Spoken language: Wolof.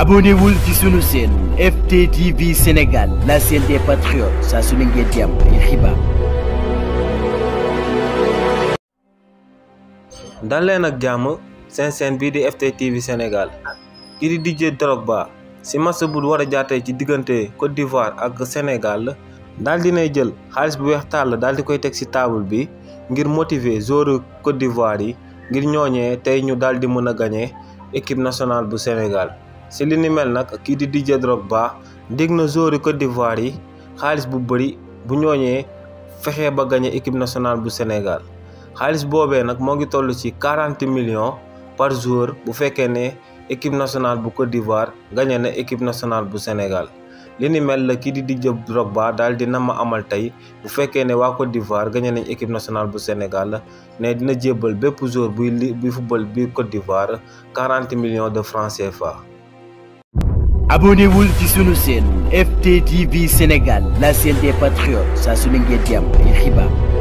abonnewul ci sunu chaîne FTTV Sénégal la chaîne dal leen ak jàmm seen chaîne bii di FTTV Sénégal ki di Didier Drogba si match bu war a jaatee ci diggante Côte d'Ivoire ak Sénégal daal dinay jël xaalis bu weex tàll daal di koy teg ci taabul bi ngir motiver joueur Côte d'Ivoire yi ngir ñooñee tey ñu dal di mën a gagné équipe nationale bu Sénégal. si li mel nag kii di Didier Drogba dig na joueur Côte d'Ivoire yi xaalis bu bëri bu ñooñee fexe ba gagné équipe nationale bu Sénégal xaalis boobee nag moo ngi toll ci 40 millions par jour bu fekkee ne équipe nationale bu Côte d'Ivoire gagné na équipe nationale bu Sénégal li ni mel la kii di Didier Drogba daal dina ma amal tey bu fekkee ne waa Côte d'Ivoire gagné nañ équipe nationale bu Sénégal ne dina jébbal bépp joueur buy li buy football biir Côte d'Ivoire 40 de francs CFA. abonnez-vous sur notre chaîne FTTV Sénégal la chaîne des patriotes Ça se ne ngeen di